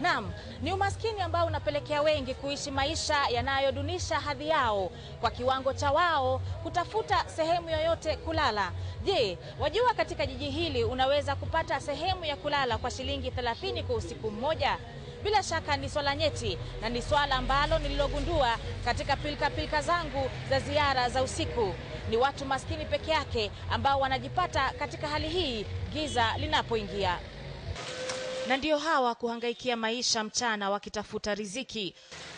Naam, ni umaskini ambao unapelekea wengi kuishi maisha yanayodunisha hadhi yao kwa kiwango cha wao kutafuta sehemu yoyote kulala. Je, wajua katika jiji hili unaweza kupata sehemu ya kulala kwa shilingi 30 kwa usiku mmoja? Bila shaka ni swala nyeti na ni swala ambalo nililogundua katika pilka pilka zangu za ziara za usiku. Ni watu maskini peke yake ambao wanajipata katika hali hii giza linapoingia na ndio hawa kuhangaikia maisha mchana wakitafuta riziki,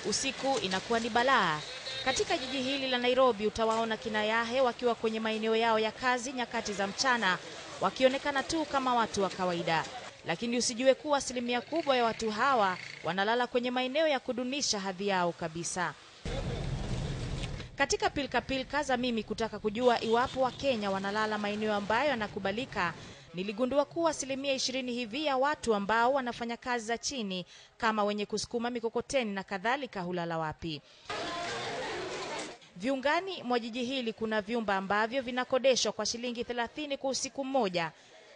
usiku inakuwa ni balaa. Katika jiji hili la Nairobi utawaona kina Yahe wakiwa kwenye maeneo yao ya kazi nyakati za mchana, wakionekana tu kama watu wa kawaida, lakini usijue kuwa asilimia kubwa ya watu hawa wanalala kwenye maeneo ya kudunisha hadhi yao kabisa. Katika pilkapilka -pilka za mimi kutaka kujua iwapo Wakenya wanalala maeneo ambayo yanakubalika Niligundua kuwa asilimia ishirini hivi ya watu ambao wanafanya kazi za chini kama wenye kusukuma mikokoteni na kadhalika hulala wapi? Viungani mwa jiji hili kuna vyumba ambavyo vinakodeshwa kwa shilingi thelathini kwa usiku mmoja.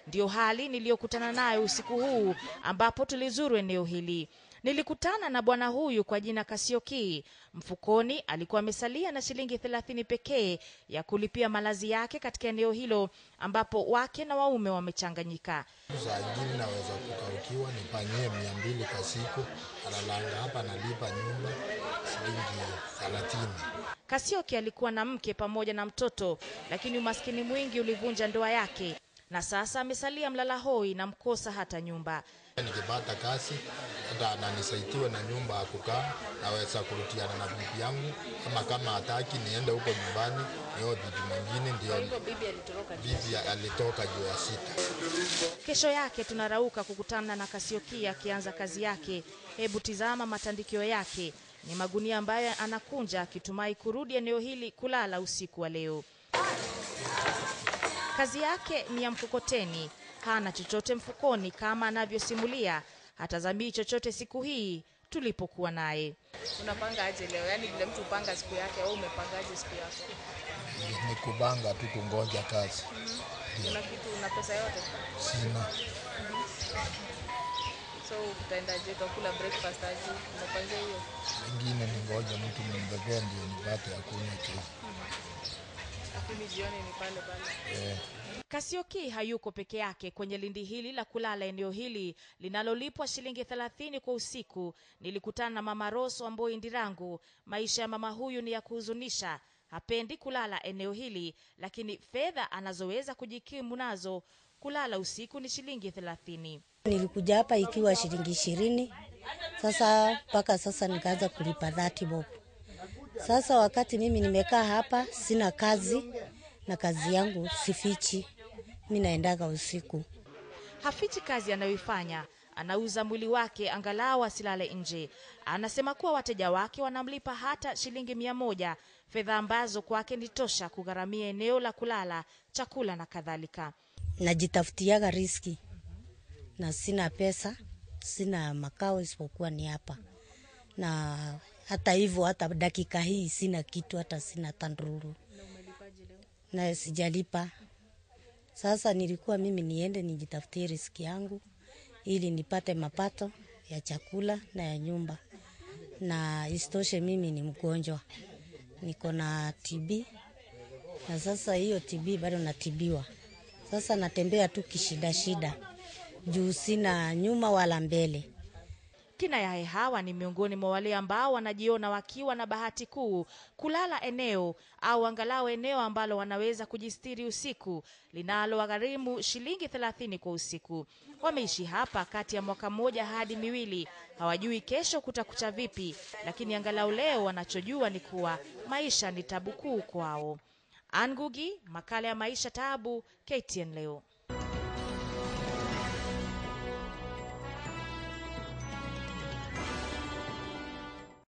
Ndiyo hali niliyokutana nayo usiku huu ambapo tulizuru eneo hili. Nilikutana na bwana huyu kwa jina Kasioki. Mfukoni alikuwa amesalia na shilingi thelathini pekee ya kulipia malazi yake katika eneo hilo ambapo wake na waume wamechanganyika. Za naweza kukaukiwa nipanyie mia mbili kwa siku, alalanga hapa nalipa nyumba shilingi thelathini. Kasioki alikuwa na mke pamoja na mtoto, lakini umaskini mwingi ulivunja ndoa yake na sasa amesalia mlala hoi na mkosa hata nyumba. Nikipata kazi hata na na nyumba ya kukaa, naweza kurutiana na bibi yangu, ama kama hataki niende huko nyumbani niyo bibi mwingine. Ndio bibi alitoka juu ya sita. Kesho yake tunarauka kukutana na Kasiokia akianza kazi yake. Hebu tizama matandikio yake, ni magunia ambayo anakunja akitumai kurudi eneo hili kulala usiku wa leo. Kazi yake ni ya mkokoteni, hana chochote mfukoni, kama anavyosimulia. Hatazamii chochote siku hii tulipokuwa naye. Unapanga aje leo? Yaani ile mtu upanga siku yake, au umepangaje siku yako? Ni kubanga tu, kungoja kazi. mm -hmm. Una kitu, una pesa yote? Sina. mm -hmm. So utaendaje? Utakula breakfast aje? Unapanga hiyo? Wengine ningoja mtu mwingine ndio nipate ya kesho. mm -hmm. Kasioki hayuko peke yake kwenye lindi hili la kulala. Eneo hili linalolipwa shilingi thelathini kwa usiku, nilikutana na mama Roso Amboi Ndirangu. Maisha ya mama huyu ni ya kuhuzunisha. Hapendi kulala eneo hili, lakini fedha anazoweza kujikimu nazo kulala usiku ni shilingi thelathini. Nilikuja hapa ikiwa shilingi ishirini, sasa mpaka sasa nikaanza kulipa dhati bobu sasa wakati mimi nimekaa hapa sina kazi na kazi yangu sifichi, mi naendaga usiku. Hafichi kazi anayoifanya, anauza mwili wake angalau asilale nje. Anasema kuwa wateja wake wanamlipa hata shilingi mia moja, fedha ambazo kwake ni tosha kugharamia eneo la kulala, chakula na kadhalika. Najitafutiaga riski na sina pesa, sina makao isipokuwa ni hapa na hata hivyo hata dakika hii sina kitu, hata sina tandururu na sijalipa. Sasa nilikuwa mimi niende nijitafutie riski yangu ili nipate mapato ya chakula na ya nyumba, na isitoshe mimi ni mgonjwa, niko na TB na sasa hiyo TB bado natibiwa. Sasa natembea tu kishida shida juu sina nyuma wala mbele. Kina Yahe hawa ni miongoni mwa wale ambao wanajiona wakiwa na bahati kuu kulala eneo au angalau eneo ambalo wanaweza kujistiri usiku linalowagharimu shilingi thelathini kwa usiku. Wameishi hapa kati ya mwaka mmoja hadi miwili. Hawajui kesho kutakucha vipi, lakini angalau leo wanachojua ni kuwa maisha ni tabu kuu kwao. Angugi, makala ya maisha tabu, KTN leo.